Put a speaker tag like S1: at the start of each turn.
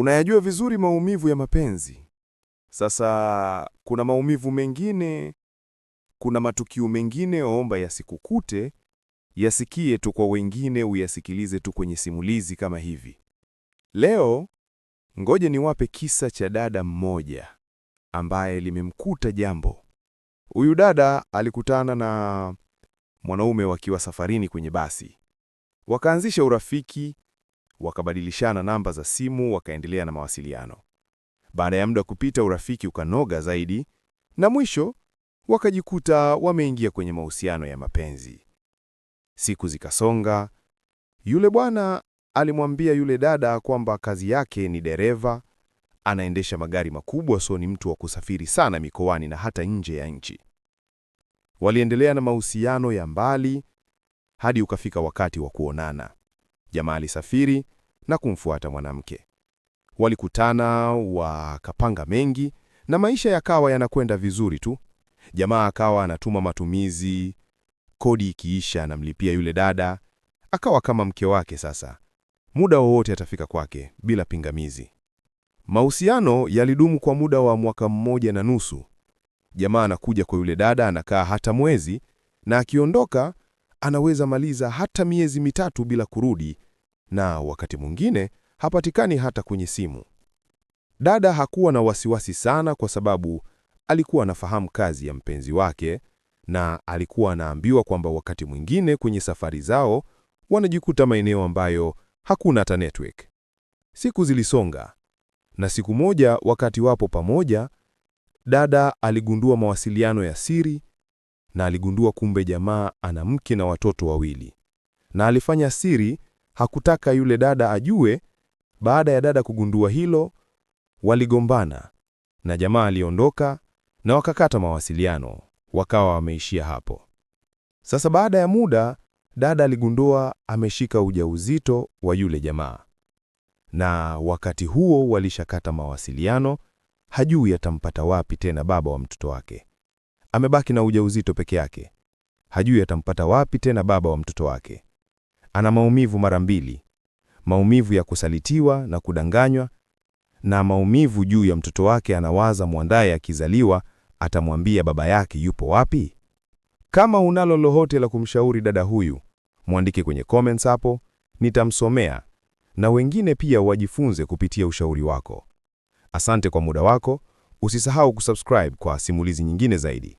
S1: Unayajua vizuri maumivu ya mapenzi. Sasa kuna maumivu mengine, kuna matukio mengine omba yasikukute, yasikie tu kwa wengine, uyasikilize tu kwenye simulizi kama hivi. Leo ngoje niwape kisa cha dada mmoja ambaye limemkuta jambo. Huyu dada alikutana na mwanaume wakiwa safarini kwenye basi, wakaanzisha urafiki wakabadilishana namba za simu, wakaendelea na mawasiliano. Baada ya muda kupita, urafiki ukanoga zaidi, na mwisho wakajikuta wameingia kwenye mahusiano ya mapenzi. Siku zikasonga, yule bwana alimwambia yule dada kwamba kazi yake ni dereva, anaendesha magari makubwa, so ni mtu wa kusafiri sana mikoani na hata nje ya nchi. Waliendelea na mahusiano ya mbali hadi ukafika wakati wa kuonana. Jamaa alisafiri na kumfuata mwanamke. Walikutana, wakapanga mengi na maisha yakawa yanakwenda vizuri tu. Jamaa akawa anatuma matumizi, kodi ikiisha anamlipia yule dada. Akawa kama mke wake sasa, muda wowote atafika kwake bila pingamizi. Mahusiano yalidumu kwa muda wa mwaka mmoja na nusu. Jamaa anakuja kwa yule dada, anakaa hata mwezi, na akiondoka anaweza maliza hata miezi mitatu bila kurudi, na wakati mwingine hapatikani hata kwenye simu. Dada hakuwa na wasiwasi sana kwa sababu alikuwa anafahamu kazi ya mpenzi wake na alikuwa anaambiwa kwamba wakati mwingine kwenye safari zao wanajikuta maeneo ambayo hakuna hata network. Siku zilisonga na siku moja wakati wapo pamoja, dada aligundua mawasiliano ya siri na aligundua kumbe jamaa ana mke na watoto wawili, na alifanya siri, hakutaka yule dada ajue. Baada ya dada kugundua hilo, waligombana na jamaa aliondoka na wakakata mawasiliano, wakawa wameishia hapo. Sasa baada ya muda, dada aligundua ameshika ujauzito wa yule jamaa, na wakati huo walishakata mawasiliano, hajui atampata wapi tena baba wa mtoto wake amebaki na ujauzito peke yake. Hajui atampata wapi tena baba wa mtoto wake. Ana maumivu mara mbili, maumivu ya kusalitiwa na kudanganywa, na maumivu juu ya mtoto wake. Anawaza Mwandaye akizaliwa atamwambia baba yake yupo wapi? Kama unalo lolote la kumshauri dada huyu, mwandike kwenye comments hapo, nitamsomea na wengine pia wajifunze kupitia ushauri wako. Asante kwa muda wako. Usisahau kusubscribe kwa simulizi nyingine zaidi.